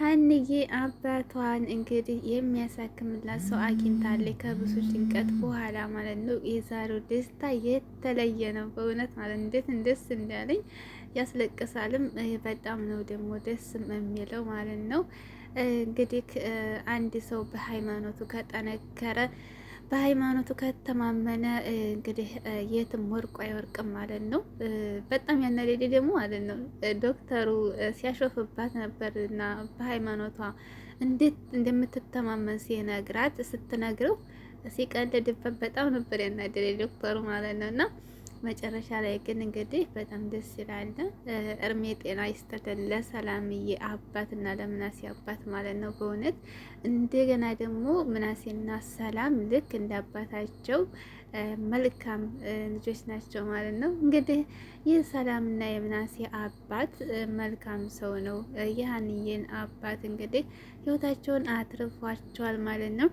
ሀንዬ አባቷን እንግዲህ የሚያሳክምላት ሰው አግኝታለች ከብዙ ጭንቀት በኋላ ማለት ነው። የዛሬው ደስታ የተለየ ነው በእውነት ማለት እንዴት እንደስ እንዳለኝ ያስለቅሳልም። በጣም ነው ደግሞ ደስ የሚለው ማለት ነው። እንግዲህ አንድ ሰው በሃይማኖቱ ከጠነከረ በሃይማኖቱ ከተማመነ እንግዲህ የትም ወርቆ አይወርቅም ማለት ነው። በጣም ያናደደ ደግሞ ማለት ነው ዶክተሩ ሲያሾፍባት ነበር እና በሃይማኖቷ እንዴት እንደምትተማመን ሲነግራት ስትነግረው ሲቀልድበት በጣም ነበር ያናደደ ዶክተሩ ማለት ነው እና መጨረሻ ላይ ግን እንግዲህ በጣም ደስ ይላል። እርሜ ጤና ይስጠልን ለሰላምዬ አባትና ለምናሴ አባት ማለት ነው በእውነት እንደገና ደግሞ ምናሴና ሰላም ልክ እንደ አባታቸው መልካም ልጆች ናቸው ማለት ነው። እንግዲህ ይህ ሰላም የሰላምና የምናሴ አባት መልካም ሰው ነው። የሀንዬን አባት እንግዲህ ህይወታቸውን አትርፏቸዋል ማለት ነው።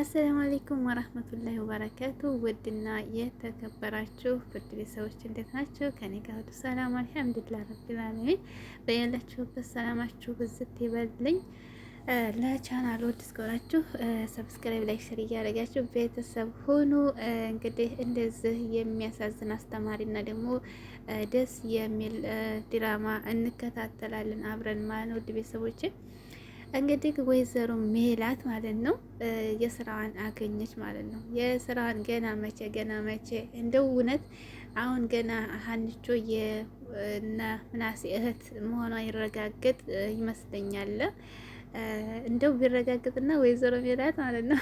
አሰላሙ አሌይኩም ወራህመቱላሂ ወበረካቱ። ውድና የተከበራችሁ ፍርድ ቤት ሰዎች እንዴት ናቸው? ከኔ ጋር ሁሉ ሰላም አልሐምዱሊላህ ረቢል ዓለሚን። በያላችሁበት ሰላማችሁ ብዝት ይበልልኝ። ለቻናሉ አዲስ ከሆናችሁ ሰብስክራይብ፣ ላይክ፣ ሼር እያደረጋችሁ ቤተሰብ ሁኑ። እንግዲህ እንደዚህ የሚያሳዝን አስተማሪና ደግሞ ደስ የሚል ድራማ እንከታተላለን አብረን ማለት ነው። ውድ ቤተሰቦች እንግዲህ ወይዘሮ ሜላት ማለት ነው የስራዋን አገኘች ማለት ነው። የስራዋን ገና መቼ ገና መቼ እንደው እውነት አሁን ገና ሀንቾ የና ምናሴ እህት መሆኗ ይረጋገጥ ይመስለኛል። እንደው ቢረጋግጥና ወይዘሮ ሜላት ማለት ነው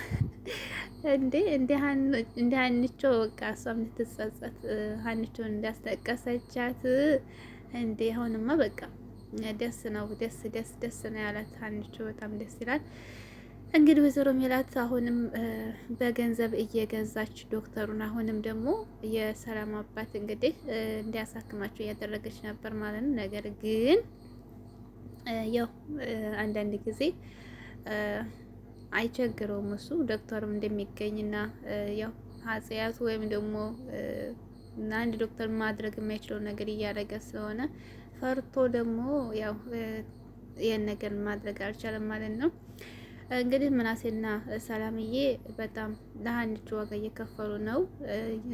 እንዴ እንደ ሀንቾ በቃ እሷም ልትጸጸት ሀንቾን እንዳስጠቀሰቻት እንዴ አሁንማ በቃ ደስ ነው ደስ ደስ ደስ ነው ያላት ሀንቾ በጣም ደስ ይላል። እንግዲህ ወይዘሮ ሜላት አሁንም በገንዘብ እየገዛች ዶክተሩን አሁንም ደግሞ የሰላም አባት እንግዲህ እንዲያሳክማቸው እያደረገች ነበር ማለት ነው ነገር ግን ያው አንዳንድ ጊዜ አይቸግረውም እሱ ዶክተርም እንደሚገኝና ያው ሀጽያቱ ወይም ደግሞ አንድ ዶክተር ማድረግ የማይችለው ነገር እያደረገ ስለሆነ ፈርቶ ደግሞ ያው ይህን ነገር ማድረግ አልቻለም ማለት ነው። እንግዲህ ምናሴና ሰላምዬ በጣም ለሀንቹ ዋጋ እየከፈሉ ነው።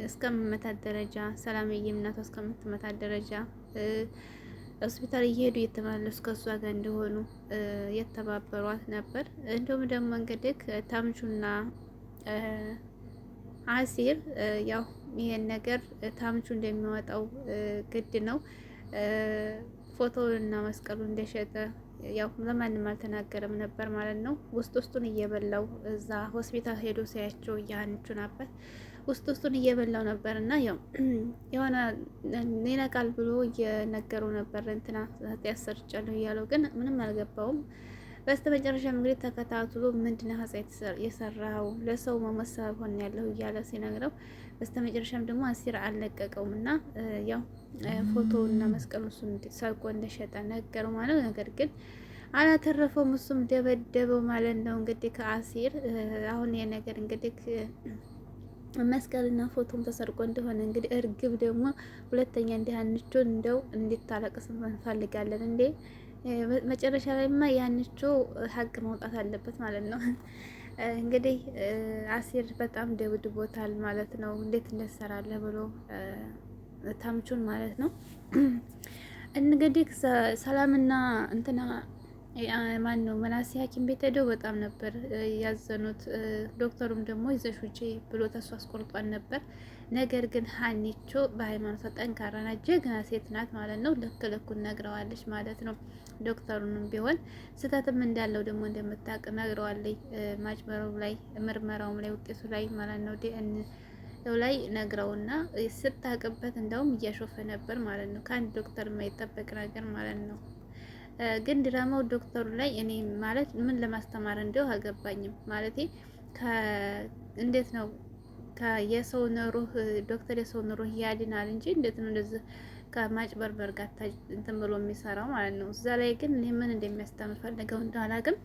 እስከምመታት ደረጃ ሰላምዬ እናቷ እስከምትመታት ደረጃ ሆስፒታል እየሄዱ እየተመላለሱ ከእሷ ጋር እንደሆኑ የተባበሯት ነበር። እንዲሁም ደግሞ እንግዲህ ታምቹና አሲር ያው ይሄን ነገር ታምቹ እንደሚወጣው ግድ ነው። ፎቶውንና መስቀሉ እንደሸጠ ያው ለማንም አልተናገረም ነበር ማለት ነው። ውስጥ ውስጡን እየበላው እዛ ሆስፒታል ሄዶ ሲያቸው እያንቹ ነበር። ውስጥ ውስጡን እየበላው ነበር እና ያው የሆነ ሌላ ቃል ብሎ እየነገሩ ነበር እንትና ያሰርጫለሁ እያለው ግን ምንም አልገባውም። በስተ መጨረሻ እንግዲህ ተከታትሎ ምንድን ሀፃ የሰራው ለሰው መመሰብ ሆን ያለው እያለ ሲነግረው በስተ መጨረሻም ደግሞ አሲር አልለቀቀውም እና ያው ፎቶ እና መስቀሉ እሱን ሰርቆ እንደሸጠ ነገረው ማለት ነው። ነገር ግን አላተረፈውም፣ እሱም ደበደበው ማለት ነው። እንግዲህ ከአሲር አሁን የነገር እንግዲህ መስቀልና ፎቶም ተሰርቆ እንደሆነ እንግዲህ እርግብ ደግሞ ሁለተኛ እንዲህ አንቾ እንደው እንድታለቅስ እንፈልጋለን እንዴ! መጨረሻ ላይማ ያንቾ ሀቅ መውጣት አለበት ማለት ነው። እንግዲህ አሲር በጣም ደብድቦታል ማለት ነው። እንዴት እንደሰራለህ ብሎ ታምቹን ማለት ነው። እንግዲህ ሰላምና እንትና ማን ነው መናሴ ሐኪም ቤት ሄደው በጣም ነበር ያዘኑት። ዶክተሩም ደግሞ ይዘሽ ውጪ ብሎ ተስፋ አስቆርጧን ነበር። ነገር ግን ሀኒቾ በሃይማኖቷ ጠንካራ ናት፣ ጀግና ሴት ናት ማለት ነው። ልክ ልኩን ነግረዋለች ማለት ነው። ዶክተሩንም ቢሆን ስህተትም እንዳለው ደግሞ እንደምታውቅ ነግረዋለች። ማጭበረው ላይ ምርመራውም ላይ ውጤቱ ላይ ማለት ነው ዲኤን ላይ ነግረውና ስታቅበት እንደውም እያሾፈ ነበር ማለት ነው። ከአንድ ዶክተር የማይጠበቅ ነገር ማለት ነው። ግን ድራማው ዶክተሩ ላይ እኔ ማለት ምን ለማስተማር እንደው አልገባኝም። ማለቴ እንዴት ነው የሰው ኑሮህ ዶክተር የሰው ኑሮህ ያድናል እንጂ እንዴት ነው እንደዚህ ከማጭበርበር ጋር እንትን ብሎ የሚሰራው ማለት ነው። እዛ ላይ ግን እኔ ምን እንደሚያስተምር ፈልገው እንደኋላ ግን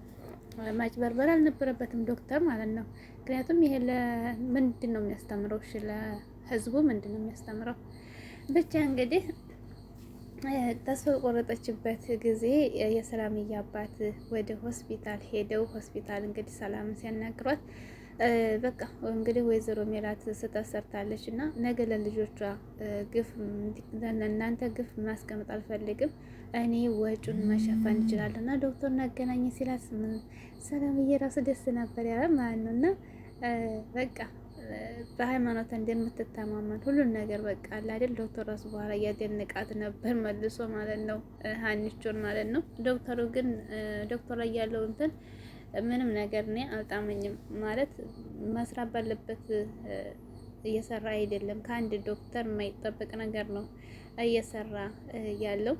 ማጭበርበር አልነበረበትም ዶክተር ማለት ነው። ምክንያቱም ይሄ ለምንድን ነው የሚያስተምረው? እሺ ለህዝቡ ምንድን ነው የሚያስተምረው? ብቻ እንግዲህ ተስፋ ቆረጠችበት ጊዜ የሰላምዬ አባት ወደ ሆስፒታል ሄደው ሆስፒታል እንግዲህ ሰላምን ሲያናግሯት በቃ እንግዲህ ወይዘሮ ሜላት ስህተት ሰርታለች እና ነገ ለልጆቿ ግፍ ለእናንተ ግፍ ማስቀመጥ አልፈልግም፣ እኔ ወጪውን መሸፈን እችላለሁ እና ዶክተር እናገናኝ ሲላት ሰላምዬ ራሱ ደስ ነበር ያለ ማለት ነው እና በቃ በሃይማኖት እንደምትተማመን ሁሉን ነገር በቃ አለ አይደል ዶክተር ራሱ በኋላ እያደነቃት ነበር መልሶ ማለት ነው ሀኒቾን ማለት ነው። ዶክተሩ ግን ዶክተር ላይ ያለው እንትን ምንም ነገር እኔ አልጣመኝም ማለት መስራት ባለበት እየሰራ አይደለም። ከአንድ ዶክተር የማይጠበቅ ነገር ነው እየሰራ ያለው።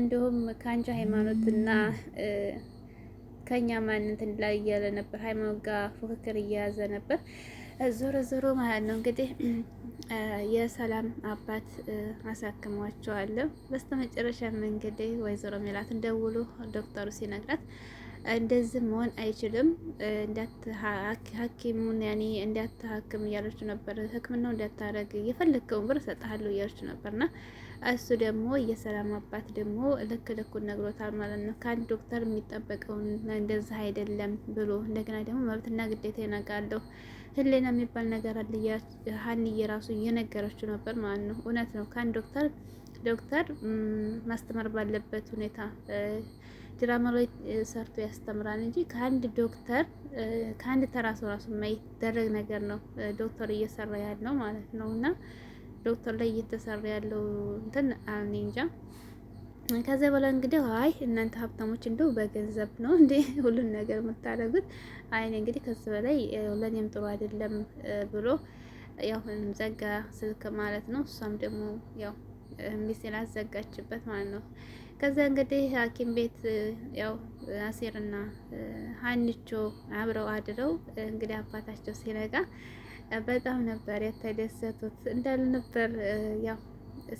እንዲሁም ከአንቺ ሃይማኖትና ከኛ ማንነት ላይ እያለ ነበር ሃይማኖት ጋር ፉክክር እያያዘ ነበር። ዞሮ ዞሮ ማለት ነው እንግዲህ የሰላም አባት አሳክሟቸዋለሁ። በስተመጨረሻም እንግዲህ ወይዘሮ ሜላትን እንደውሉ ዶክተሩ ሲነግራት እንደዚህ መሆን አይችልም ሐኪሙን ያኔ እንዳትሐክም እያለችው ነበር። ሕክምናው እንዳታረግ የፈለግከውን ብር እሰጥሃለሁ እያለችው ነበርና እሱ ደግሞ የሰላም አባት ደግሞ ልክ ልኩን ነግሮታል ማለት ነው። ከአንድ ዶክተር የሚጠበቀውን እንደዚህ አይደለም ብሎ እንደገና ደግሞ መብትና ግዴታ ይነጋለሁ ህሌና የሚባል ነገር ሀኒ ራሱ እየነገረችው ነበር ማለት ነው። እውነት ነው። ከአንድ ዶክተር ዶክተር ማስተማር ባለበት ሁኔታ ድራማ ላይ ሰርቶ ያስተምራል እንጂ ከአንድ ዶክተር ከአንድ ተራ ሰው ራሱ የማይደረግ ነገር ነው ዶክተር እየሰራ ያለው ማለት ነው። እና ዶክተር ላይ እየተሰራ ያለው እንትን እኔ እንጃ ከዚያ በላይ እንግዲህ አይ እናንተ ሀብታሞች እንደው በገንዘብ ነው እንዴ ሁሉን ነገር የምታደርጉት? አይኔ እንግዲህ ከዚ በላይ ለእኔም ጥሩ አይደለም ብሎ ያው ዘጋ ስልክ ማለት ነው። እሷም ደግሞ ያው ሚስቴን አዘጋችበት ማለት ነው። ከዚያ እንግዲህ ሐኪም ቤት ያው አሴርና ሀኒቾ አብረው አድረው እንግዲህ አባታቸው ሲነጋ በጣም ነበር የተደሰቱት እንዳልነበር ያው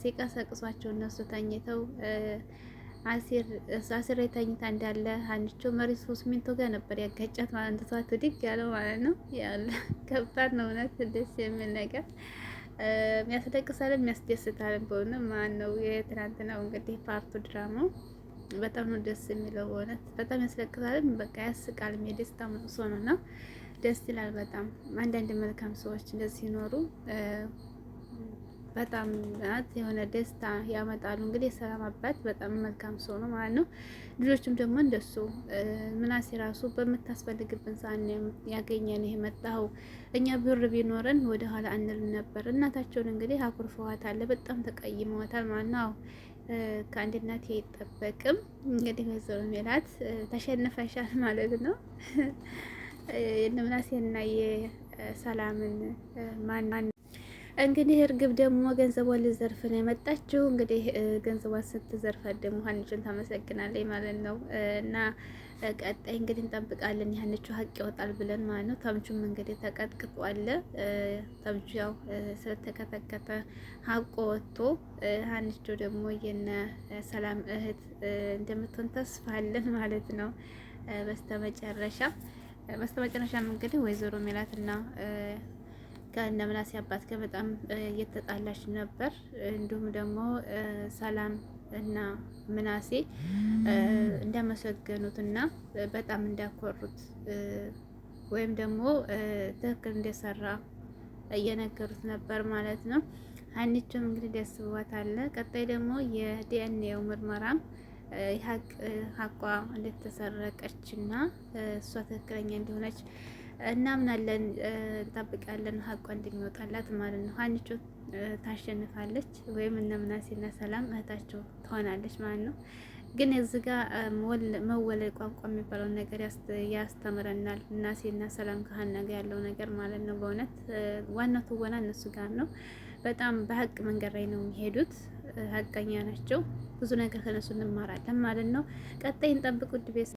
ሲቀሰቅሷቸው እነሱ ተኝተው አሲር የተኝታ እንዳለ አንቾ መሬት ሶስት ሚንቶ ጋር ነበር ያጋጫት ማለት ተሷት ድግ ያለው ማለት ነው። ያለ ከባድ ነው እውነት ደስ የሚል ነገር የሚያስለቅሳል፣ የሚያስደስታል። በሆነ ማን ነው የትናንትናው እንግዲህ ፓርቱ ድራማው በጣም ነው ደስ የሚለው በእውነት በጣም ያስለቅሳል። በቃ ያስቃል። የደስታ ሰው ነው እና ደስ ይላል በጣም አንዳንድ መልካም ሰዎች እንደዚህ ይኖሩ በጣም ናት የሆነ ደስታ ያመጣሉ። እንግዲህ የሰላም አባት በጣም መልካም ሰው ነው ማለት ነው። ልጆችም ደግሞ እንደሱ ምናሴ ራሱ በምታስፈልግብን ሰዓት ያገኘን ይሄ መጣኸው እኛ ብር ቢኖረን ወደ ኋላ አንልም ነበር። እናታቸውን እንግዲህ አኩርፈዋታል፣ በጣም ተቀይመዋታል ማለት ነው። ከአንድ እናት አይጠበቅም እንግዲህ ወይዘሮ ሜላት ተሸንፈሻል ማለት ነው። የእነ ምናሴና የሰላምን ማን እንግዲህ እርግብ ደግሞ ገንዘቧ ልዘርፍ ነው የመጣችው። እንግዲህ ገንዘቧን ስትዘርፋት ደግሞ ሀንቹን ታመሰግናለች ማለት ነው። እና ቀጣይ እንግዲህ እንጠብቃለን ያንቹ ሀቅ ይወጣል ብለን ማለት ነው። ተምቹም እንግዲህ ተቀጥቅጧል። ተምቹ ያው ስለተከተከተ ሀቆ ወጥቶ ሀንቹ ደግሞ የነ ሰላም እህት እንደምትሆን ተስፋ አለን ማለት ነው። በስተመጨረሻ በስተመጨረሻም እንግዲህ ወይዘሮ ሜላትና ምናሴ አባት ጋር በጣም እየተጣላች ነበር። እንዲሁም ደግሞ ሰላም እና ምናሴ እንደመሰገኑትና እና በጣም እንዳኮሩት ወይም ደግሞ ትክክል እንደሰራ እየነገሩት ነበር ማለት ነው። አንቺም እንግዲህ ደስ ብሏታል። ቀጣይ ደግሞ የዲኤንኤው ምርመራም ሀቋ እንደተሰረቀች እና እሷ ትክክለኛ እንደሆነች እናምናለን፣ እንጠብቃለን ሀቋ እንደሚወጣላት ማለት ነው። ሀኒቾ ታሸንፋለች ወይም እነ ምናሴና ሰላም እህታቸው ትሆናለች ማለት ነው። ግን እዚ ጋ መወለድ ቋንቋ የሚባለውን ነገር ያስተምረናል። ምናሴና ሰላም ከሀና ጋ ያለው ነገር ማለት ነው። በእውነት ዋናው ትወና እነሱ ጋር ነው። በጣም በሀቅ መንገድ ላይ ነው የሚሄዱት። ሀቀኛ ናቸው። ብዙ ነገር ከነሱ እንማራለን ማለት ነው። ቀጣይ እንጠብቅ ውድ ቤት